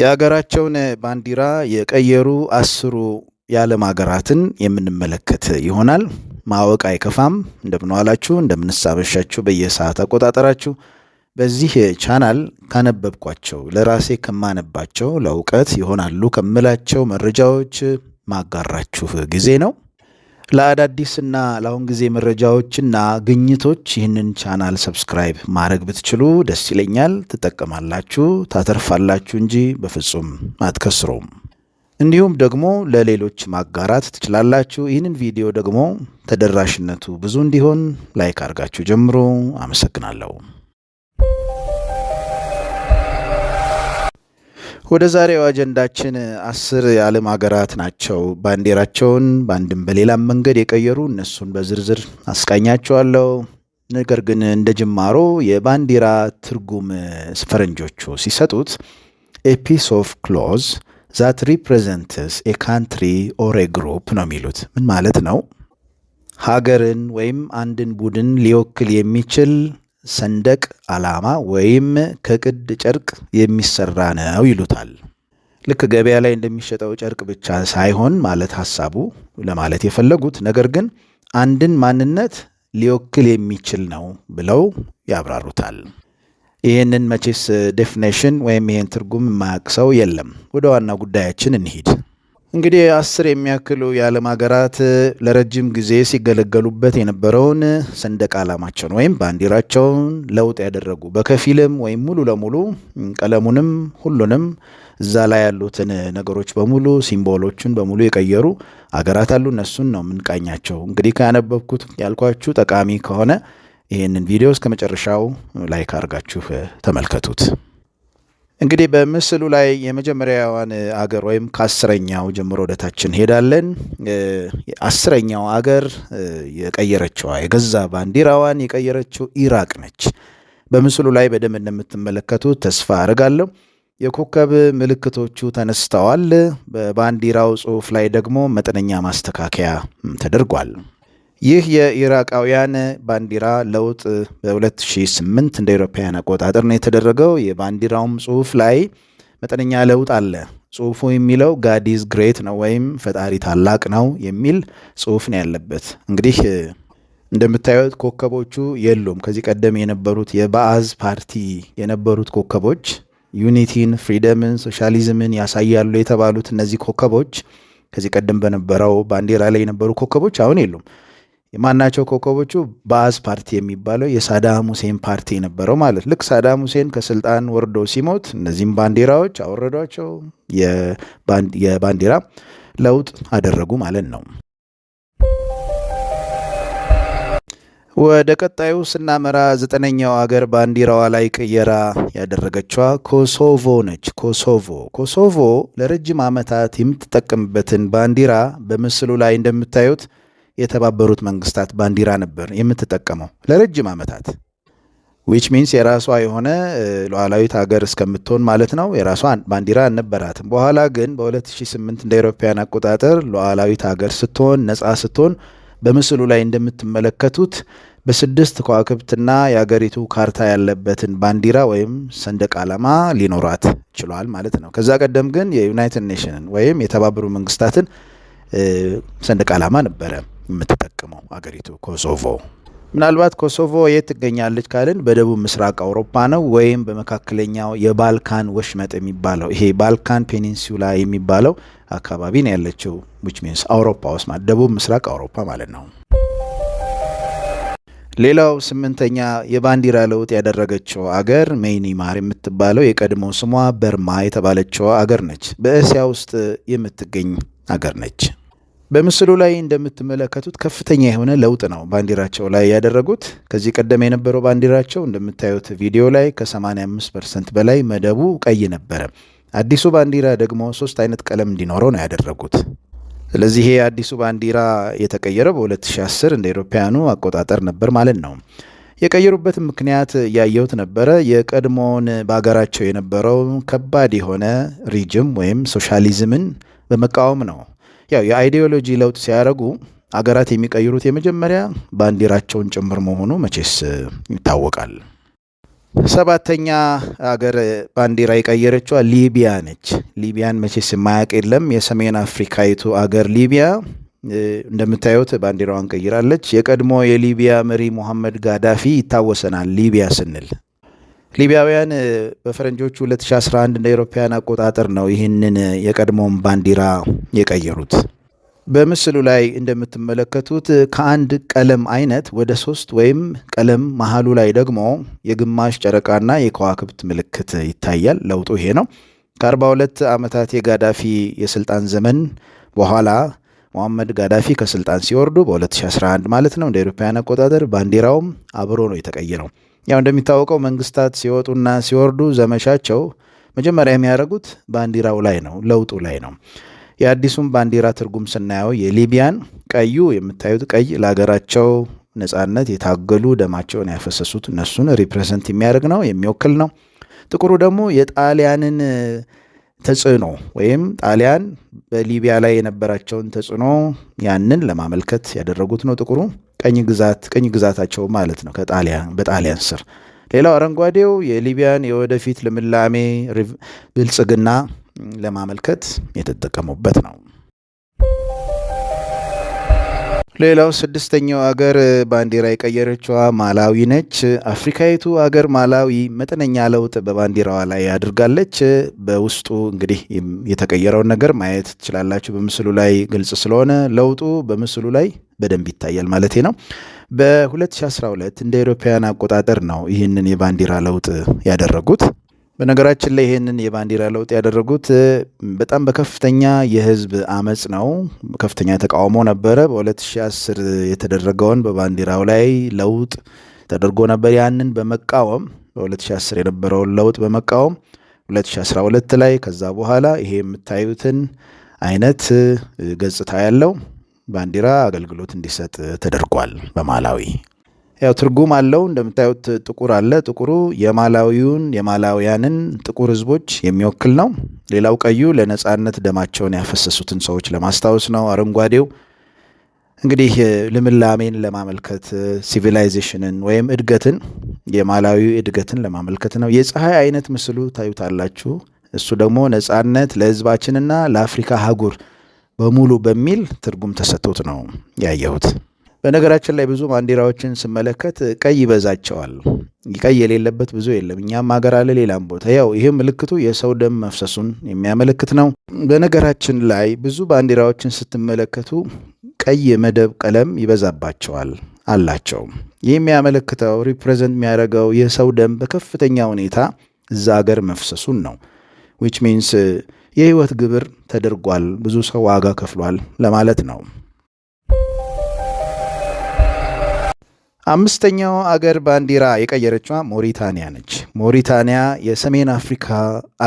የሀገራቸውን ባንዲራ የቀየሩ አስሩ የዓለም ሀገራትን የምንመለከት ይሆናል። ማወቅ አይከፋም። እንደምንዋላችሁ እንደምንሳበሻችሁ በየሰዓት አቆጣጠራችሁ በዚህ ቻናል ካነበብኳቸው ለራሴ ከማነባቸው ለእውቀት ይሆናሉ ከምላቸው መረጃዎች ማጋራችሁ ጊዜ ነው። ለአዳዲስና ለአሁን ጊዜ መረጃዎችና ግኝቶች ይህንን ቻናል ሰብስክራይብ ማድረግ ብትችሉ ደስ ይለኛል። ትጠቀማላችሁ፣ ታተርፋላችሁ እንጂ በፍጹም አትከስሩም። እንዲሁም ደግሞ ለሌሎች ማጋራት ትችላላችሁ። ይህንን ቪዲዮ ደግሞ ተደራሽነቱ ብዙ እንዲሆን ላይክ አድርጋችሁ ጀምሮ አመሰግናለሁ። ወደ ዛሬው አጀንዳችን አስር የዓለም ሀገራት ናቸው ባንዲራቸውን በአንድም በሌላም መንገድ የቀየሩ። እነሱን በዝርዝር አስቃኛቸዋለሁ። ነገር ግን እንደ ጅማሮ የባንዲራ ትርጉም ፈረንጆቹ ሲሰጡት ኤፒስ ኦፍ ክሎዝ ዛት ሪፕሬዘንትስ ኤ ካንትሪ ኦር ኤ ግሩፕ ነው የሚሉት። ምን ማለት ነው? ሀገርን ወይም አንድን ቡድን ሊወክል የሚችል ሰንደቅ ዓላማ ወይም ከቅድ ጨርቅ የሚሰራ ነው ይሉታል። ልክ ገበያ ላይ እንደሚሸጠው ጨርቅ ብቻ ሳይሆን ማለት ሀሳቡ ለማለት የፈለጉት ነገር ግን አንድን ማንነት ሊወክል የሚችል ነው ብለው ያብራሩታል። ይህንን መቼስ ዴፊኔሽን ወይም ይህን ትርጉም የማያውቅ ሰው የለም። ወደ ዋና ጉዳያችን እንሂድ። እንግዲህ አስር የሚያክሉ የዓለም ሀገራት ለረጅም ጊዜ ሲገለገሉበት የነበረውን ሰንደቅ ዓላማቸውን ወይም ባንዲራቸውን ለውጥ ያደረጉ በከፊልም ወይም ሙሉ ለሙሉ ቀለሙንም ሁሉንም እዛ ላይ ያሉትን ነገሮች በሙሉ ሲምቦሎቹን በሙሉ የቀየሩ አገራት አሉ። እነሱን ነው የምንቃኛቸው። እንግዲህ ከያነበብኩት ያልኳችሁ ጠቃሚ ከሆነ ይህንን ቪዲዮ እስከ መጨረሻው ላይክ አድርጋችሁ ተመልከቱት። እንግዲህ በምስሉ ላይ የመጀመሪያዋን አገር ወይም ከአስረኛው ጀምሮ ወደታች እንሄዳለን። አስረኛው አገር የቀየረችዋ የገዛ ባንዲራዋን የቀየረችው ኢራቅ ነች። በምስሉ ላይ በደንብ እንደምትመለከቱት ተስፋ አድርጋለሁ። የኮከብ ምልክቶቹ ተነስተዋል። በባንዲራው ጽሑፍ ላይ ደግሞ መጠነኛ ማስተካከያ ተደርጓል። ይህ የኢራቃውያን ባንዲራ ለውጥ በ2008 እንደ አውሮፓውያን አቆጣጠር ነው የተደረገው። የባንዲራውም ጽሁፍ ላይ መጠነኛ ለውጥ አለ። ጽሁፉ የሚለው ጋዲዝ ግሬት ነው ወይም ፈጣሪ ታላቅ ነው የሚል ጽሁፍ ነው ያለበት። እንግዲህ እንደምታዩት ኮከቦቹ የሉም። ከዚህ ቀደም የነበሩት የባአዝ ፓርቲ የነበሩት ኮከቦች ዩኒቲን፣ ፍሪደምን፣ ሶሻሊዝምን ያሳያሉ የተባሉት እነዚህ ኮከቦች ከዚህ ቀደም በነበረው ባንዲራ ላይ የነበሩ ኮከቦች አሁን የሉም። የማናቸው ኮከቦቹ ባዝ ፓርቲ የሚባለው የሳዳም ሁሴን ፓርቲ የነበረው ማለት ልክ ሳዳም ሁሴን ከስልጣን ወርዶ ሲሞት እነዚህም ባንዲራዎች አወረዷቸው፣ የባንዲራ ለውጥ አደረጉ ማለት ነው። ወደ ቀጣዩ ስናመራ ዘጠነኛው አገር ባንዲራዋ ላይ ቅየራ ያደረገችዋ ኮሶቮ ነች። ኮሶቮ ኮሶቮ ለረጅም ዓመታት የምትጠቀምበትን ባንዲራ በምስሉ ላይ እንደምታዩት የተባበሩት መንግስታት ባንዲራ ነበር የምትጠቀመው ለረጅም ዓመታት ዊች ሚንስ የራሷ የሆነ ሉዓላዊት ሀገር እስከምትሆን ማለት ነው። የራሷ ባንዲራ አልነበራትም። በኋላ ግን በ2008 እንደ አውሮፓውያን አቆጣጠር ሉዓላዊት ሀገር ስትሆን ነፃ ስትሆን በምስሉ ላይ እንደምትመለከቱት በስድስት ከዋክብትና የአገሪቱ ካርታ ያለበትን ባንዲራ ወይም ሰንደቅ ዓላማ ሊኖራት ችሏል ማለት ነው። ከዛ ቀደም ግን የዩናይትድ ኔሽንን ወይም የተባበሩ መንግስታትን ሰንደቅ ዓላማ ነበረ። የምትጠቅመው አገሪቱ ኮሶቮ። ምናልባት ኮሶቮ የት ትገኛለች ካልን በደቡብ ምስራቅ አውሮፓ ነው ወይም በመካከለኛው የባልካን ወሽመጥ የሚባለው ይሄ ባልካን ፔኒንሱላ የሚባለው አካባቢ ነው ያለችው። ዊች ሚንስ አውሮፓ ውስጥ ማለት ደቡብ ምስራቅ አውሮፓ ማለት ነው። ሌላው ስምንተኛ የባንዲራ ለውጥ ያደረገችው አገር ሜይኒማር የምትባለው የቀድሞ ስሟ በርማ የተባለችው አገር ነች። በእስያ ውስጥ የምትገኝ አገር ነች። በምስሉ ላይ እንደምትመለከቱት ከፍተኛ የሆነ ለውጥ ነው ባንዲራቸው ላይ ያደረጉት። ከዚህ ቀደም የነበረው ባንዲራቸው እንደምታዩት ቪዲዮ ላይ ከ85 ፐርሰንት በላይ መደቡ ቀይ ነበረ። አዲሱ ባንዲራ ደግሞ ሶስት አይነት ቀለም እንዲኖረው ነው ያደረጉት። ስለዚህ ይሄ አዲሱ ባንዲራ የተቀየረው በ2010 እንደ ኤሮፓያኑ አቆጣጠር ነበር ማለት ነው። የቀየሩበትም ምክንያት ያየሁት ነበረ። የቀድሞውን በሀገራቸው የነበረው ከባድ የሆነ ሪጅም ወይም ሶሻሊዝምን በመቃወም ነው ያው የአይዲዮሎጂ ለውጥ ሲያደርጉ አገራት የሚቀይሩት የመጀመሪያ ባንዲራቸውን ጭምር መሆኑ መቼስ ይታወቃል። ሰባተኛ አገር ባንዲራ የቀየረችዋ ሊቢያ ነች። ሊቢያን መቼስ የማያውቅ የለም። የሰሜን አፍሪካዊቱ አገር ሊቢያ እንደምታዩት ባንዲራዋን ቀይራለች። የቀድሞ የሊቢያ መሪ ሞሐመድ ጋዳፊ ይታወሰናል ሊቢያ ስንል ሊቢያውያን በፈረንጆቹ 2011 እንደ አውሮፓውያን አቆጣጠር ነው ይህንን የቀድሞውን ባንዲራ የቀየሩት። በምስሉ ላይ እንደምትመለከቱት ከአንድ ቀለም አይነት ወደ ሶስት ወይም ቀለም መሀሉ ላይ ደግሞ የግማሽ ጨረቃና የከዋክብት ምልክት ይታያል። ለውጡ ይሄ ነው። ከ42 ዓመታት የጋዳፊ የስልጣን ዘመን በኋላ ሞሐመድ ጋዳፊ ከስልጣን ሲወርዱ በ2011 ማለት ነው እንደ አውሮፓውያን አቆጣጠር ባንዲራውም አብሮ ነው የተቀየረው። ያው እንደሚታወቀው መንግስታት ሲወጡና ሲወርዱ ዘመቻቸው መጀመሪያ የሚያደርጉት ባንዲራው ላይ ነው፣ ለውጡ ላይ ነው። የአዲሱን ባንዲራ ትርጉም ስናየው የሊቢያን ቀዩ የምታዩት ቀይ ለሀገራቸው ነጻነት የታገሉ ደማቸውን ያፈሰሱት እነሱን ሪፕሬዘንት የሚያደርግ ነው የሚወክል ነው። ጥቁሩ ደግሞ የጣሊያንን ተጽዕኖ ወይም ጣሊያን በሊቢያ ላይ የነበራቸውን ተጽዕኖ ያንን ለማመልከት ያደረጉት ነው ጥቁሩ። ቀኝ ግዛት ቅኝ ግዛታቸው ማለት ነው ከጣሊያን በጣሊያን ስር። ሌላው አረንጓዴው የሊቢያን የወደፊት ልምላሜ ብልጽግና ለማመልከት የተጠቀሙበት ነው። ሌላው ስድስተኛው አገር ባንዲራ የቀየረችዋ ማላዊ ነች። አፍሪካዊቱ አገር ማላዊ መጠነኛ ለውጥ በባንዲራዋ ላይ አድርጋለች። በውስጡ እንግዲህ የተቀየረውን ነገር ማየት ትችላላችሁ። በምስሉ ላይ ግልጽ ስለሆነ ለውጡ በምስሉ ላይ በደንብ ይታያል ማለት ነው። በ2012 እንደ አውሮፓውያን አቆጣጠር ነው ይህንን የባንዲራ ለውጥ ያደረጉት። በነገራችን ላይ ይህንን የባንዲራ ለውጥ ያደረጉት በጣም በከፍተኛ የህዝብ አመፅ ነው። ከፍተኛ ተቃውሞ ነበረ። በ2010 የተደረገውን በባንዲራው ላይ ለውጥ ተደርጎ ነበር። ያንን በመቃወም በ2010 የነበረውን ለውጥ በመቃወም 2012 ላይ ከዛ በኋላ ይሄ የምታዩትን አይነት ገጽታ ያለው ባንዲራ አገልግሎት እንዲሰጥ ተደርጓል በማላዊ። ያው ትርጉም አለው እንደምታዩት፣ ጥቁር አለ። ጥቁሩ የማላዊውን የማላውያንን ጥቁር ህዝቦች የሚወክል ነው። ሌላው ቀዩ ለነጻነት ደማቸውን ያፈሰሱትን ሰዎች ለማስታወስ ነው። አረንጓዴው እንግዲህ ልምላሜን ለማመልከት ሲቪላይዜሽንን ወይም እድገትን የማላዊ እድገትን ለማመልከት ነው። የፀሐይ አይነት ምስሉ ታዩታላችሁ። እሱ ደግሞ ነጻነት ለህዝባችንና ለአፍሪካ አህጉር በሙሉ በሚል ትርጉም ተሰጥቶት ነው ያየሁት። በነገራችን ላይ ብዙ ባንዲራዎችን ስመለከት ቀይ ይበዛቸዋል። ቀይ የሌለበት ብዙ የለም። እኛም ሀገር አለ፣ ሌላም ቦታ ያው። ይህ ምልክቱ የሰው ደም መፍሰሱን የሚያመለክት ነው። በነገራችን ላይ ብዙ ባንዲራዎችን ስትመለከቱ ቀይ መደብ ቀለም ይበዛባቸዋል አላቸው። ይህ የሚያመለክተው ሪፕሬዘንት የሚያደርገው የሰው ደም በከፍተኛ ሁኔታ እዛ ሀገር መፍሰሱን ነው ዊች ሚንስ የህይወት ግብር ተደርጓል፣ ብዙ ሰው ዋጋ ከፍሏል ለማለት ነው። አምስተኛው አገር ባንዲራ የቀየረችዋ ሞሪታንያ ነች። ሞሪታንያ የሰሜን አፍሪካ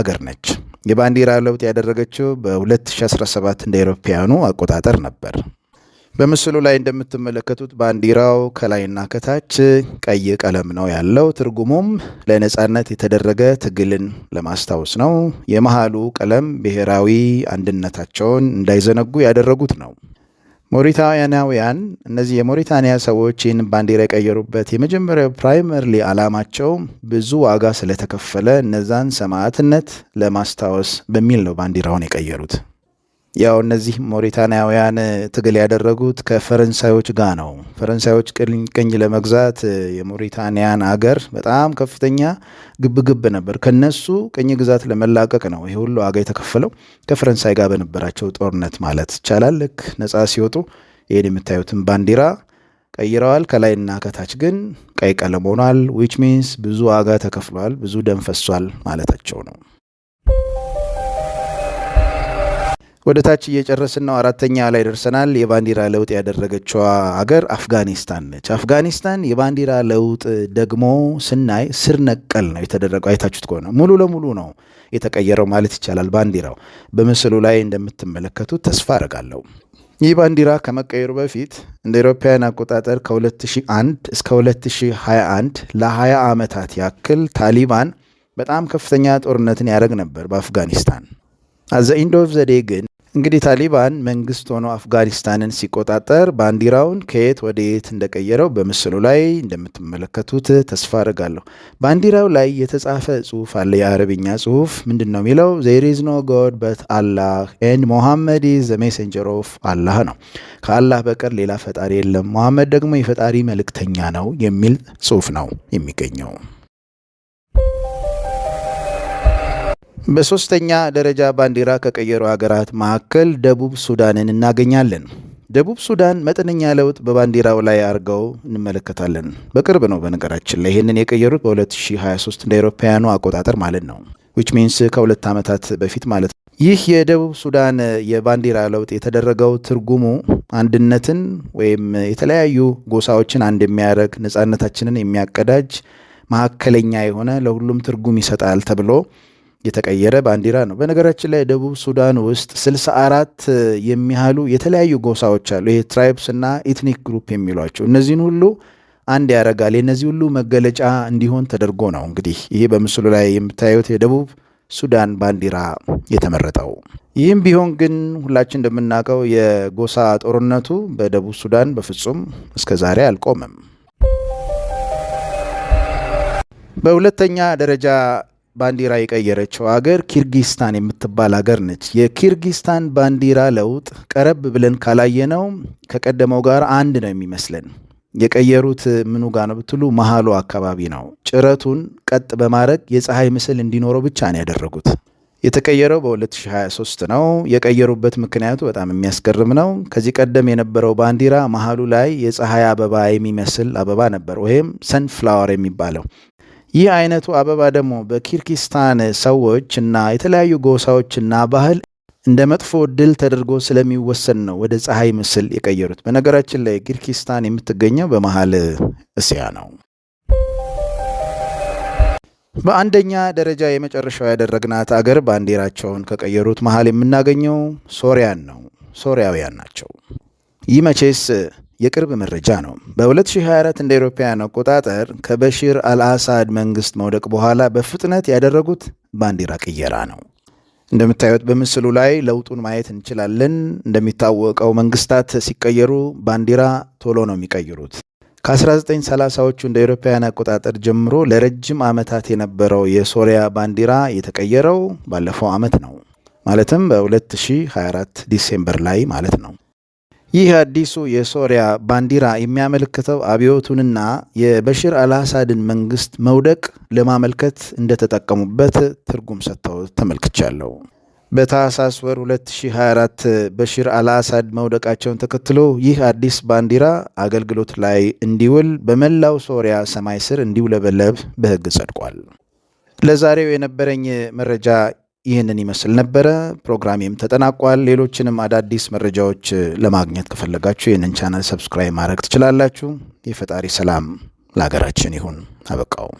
አገር ነች። የባንዲራ ለውጥ ያደረገችው በ2017 እንደ አውሮፓውያኑ አቆጣጠር ነበር። በምስሉ ላይ እንደምትመለከቱት ባንዲራው ከላይና ከታች ቀይ ቀለም ነው ያለው። ትርጉሙም ለነጻነት የተደረገ ትግልን ለማስታወስ ነው። የመሃሉ ቀለም ብሔራዊ አንድነታቸውን እንዳይዘነጉ ያደረጉት ነው። ሞሪታንያውያን እነዚህ የሞሪታንያ ሰዎች ይህን ባንዲራ የቀየሩበት የመጀመሪያው ፕራይመርሊ ዓላማቸው ብዙ ዋጋ ስለተከፈለ እነዛን ሰማዕትነት ለማስታወስ በሚል ነው ባንዲራውን የቀየሩት። ያው እነዚህ ሞሪታንያውያን ትግል ያደረጉት ከፈረንሳዮች ጋር ነው። ፈረንሳዮች ቅኝ ለመግዛት የሞሪታንያን አገር በጣም ከፍተኛ ግብግብ ነበር። ከነሱ ቅኝ ግዛት ለመላቀቅ ነው ይህ ሁሉ ዋጋ የተከፈለው ከፈረንሳይ ጋር በነበራቸው ጦርነት ማለት ይቻላል። ልክ ነጻ ሲወጡ ይህን የምታዩትን ባንዲራ ቀይረዋል። ከላይና ከታች ግን ቀይ ቀለም ሆኗል። ዊች ሚንስ ብዙ ዋጋ ተከፍሏል፣ ብዙ ደም ፈሷል ማለታቸው ነው። ወደ ታች እየጨረስን ነው። አራተኛ ላይ ደርሰናል። የባንዲራ ለውጥ ያደረገችው አገር አፍጋኒስታን ነች። አፍጋኒስታን የባንዲራ ለውጥ ደግሞ ስናይ ስር ነቀል ነው የተደረገው። አይታችሁት ከሆነ ሙሉ ለሙሉ ነው የተቀየረው ማለት ይቻላል። ባንዲራው በምስሉ ላይ እንደምትመለከቱት ተስፋ አደርጋለሁ። ይህ ባንዲራ ከመቀየሩ በፊት እንደ አውሮፓውያን አቆጣጠር ከ2001 እስከ 2021 ለ20 ዓመታት ያክል ታሊባን በጣም ከፍተኛ ጦርነትን ያደረግ ነበር በአፍጋኒስታን። አዘ ኢንድ ኦፍ ግን እንግዲህ ታሊባን መንግስት ሆኖ አፍጋኒስታንን ሲቆጣጠር ባንዲራውን ከየት ወደ የት እንደቀየረው በምስሉ ላይ እንደምትመለከቱት ተስፋ አድርጋለሁ። ባንዲራው ላይ የተጻፈ ጽሁፍ አለ። የአረብኛ ጽሁፍ ምንድን ነው የሚለው? ዜር ኢዝ ኖ ጎድ በት አላህ ኤንድ ሞሐመድ ኢዝ ዘ ሜሴንጀር ኦፍ አላህ ነው። ከአላህ በቀር ሌላ ፈጣሪ የለም፣ ሞሐመድ ደግሞ የፈጣሪ መልእክተኛ ነው የሚል ጽሁፍ ነው የሚገኘው። በሶስተኛ ደረጃ ባንዲራ ከቀየሩ ሀገራት መካከል ደቡብ ሱዳንን እናገኛለን። ደቡብ ሱዳን መጠነኛ ለውጥ በባንዲራው ላይ አድርገው እንመለከታለን። በቅርብ ነው በነገራችን ላይ ይህንን የቀየሩት በ2023 እንደ አውሮፓውያኑ አቆጣጠር ማለት ነው። ዊች ሚንስ ከሁለት ዓመታት በፊት ማለት ነው። ይህ የደቡብ ሱዳን የባንዲራ ለውጥ የተደረገው ትርጉሙ አንድነትን ወይም የተለያዩ ጎሳዎችን አንድ የሚያደርግ ነፃነታችንን የሚያቀዳጅ መካከለኛ የሆነ ለሁሉም ትርጉም ይሰጣል ተብሎ የተቀየረ ባንዲራ ነው። በነገራችን ላይ ደቡብ ሱዳን ውስጥ ስልሳ አራት የሚያህሉ የተለያዩ ጎሳዎች አሉ። ይሄ ትራይብስ እና ኢትኒክ ግሩፕ የሚሏቸው እነዚህን ሁሉ አንድ ያደርጋል። የእነዚህ ሁሉ መገለጫ እንዲሆን ተደርጎ ነው እንግዲህ ይሄ በምስሉ ላይ የምታዩት የደቡብ ሱዳን ባንዲራ የተመረጠው። ይህም ቢሆን ግን ሁላችን እንደምናውቀው የጎሳ ጦርነቱ በደቡብ ሱዳን በፍጹም እስከ ዛሬ አልቆምም። በሁለተኛ ደረጃ ባንዲራ የቀየረችው ሀገር ኪርጊስታን የምትባል ሀገር ነች። የኪርጊስታን ባንዲራ ለውጥ ቀረብ ብለን ካላየነው ከቀደመው ጋር አንድ ነው የሚመስለን። የቀየሩት ምኑ ጋር ነው ብትሉ መሀሉ አካባቢ ነው። ጭረቱን ቀጥ በማድረግ የፀሐይ ምስል እንዲኖረው ብቻ ነው ያደረጉት። የተቀየረው በ2023 ነው። የቀየሩበት ምክንያቱ በጣም የሚያስገርም ነው። ከዚህ ቀደም የነበረው ባንዲራ መሀሉ ላይ የፀሐይ አበባ የሚመስል አበባ ነበር፣ ወይም ሰንፍላወር የሚባለው ይህ አይነቱ አበባ ደግሞ በኪርጊስታን ሰዎች እና የተለያዩ ጎሳዎችና ባህል እንደ መጥፎ ድል ተደርጎ ስለሚወሰድ ነው ወደ ፀሐይ ምስል የቀየሩት። በነገራችን ላይ ኪርጊስታን የምትገኘው በመሀል እስያ ነው። በአንደኛ ደረጃ የመጨረሻው ያደረግናት አገር ባንዲራቸውን ከቀየሩት መሀል የምናገኘው ሶሪያን ነው። ሶሪያውያን ናቸው። ይህ መቼስ የቅርብ መረጃ ነው። በ2024 እንደ አውሮፓውያን አቆጣጠር ከበሽር አልአሳድ መንግስት መውደቅ በኋላ በፍጥነት ያደረጉት ባንዲራ ቅየራ ነው። እንደምታዩት በምስሉ ላይ ለውጡን ማየት እንችላለን። እንደሚታወቀው መንግስታት ሲቀየሩ ባንዲራ ቶሎ ነው የሚቀይሩት። ከ1930ዎቹ እንደ አውሮፓውያን አቆጣጠር ጀምሮ ለረጅም ዓመታት የነበረው የሶሪያ ባንዲራ የተቀየረው ባለፈው ዓመት ነው። ማለትም በ2024 ዲሴምበር ላይ ማለት ነው። ይህ አዲሱ የሶሪያ ባንዲራ የሚያመለክተው አብዮቱንና የበሽር አልአሳድን መንግስት መውደቅ ለማመልከት እንደተጠቀሙበት ትርጉም ሰጥተው ተመልክቻለሁ። በታህሳስ ወር 2024 በሽር አልአሳድ መውደቃቸውን ተከትሎ ይህ አዲስ ባንዲራ አገልግሎት ላይ እንዲውል በመላው ሶሪያ ሰማይ ስር እንዲውለበለብ በሕግ ጸድቋል። ለዛሬው የነበረኝ መረጃ ይህንን ይመስል ነበረ። ፕሮግራሜም ተጠናቋል። ሌሎችንም አዳዲስ መረጃዎች ለማግኘት ከፈለጋችሁ ይህንን ቻናል ሰብስክራይብ ማድረግ ትችላላችሁ። የፈጣሪ ሰላም ለሀገራችን ይሁን። አበቃው።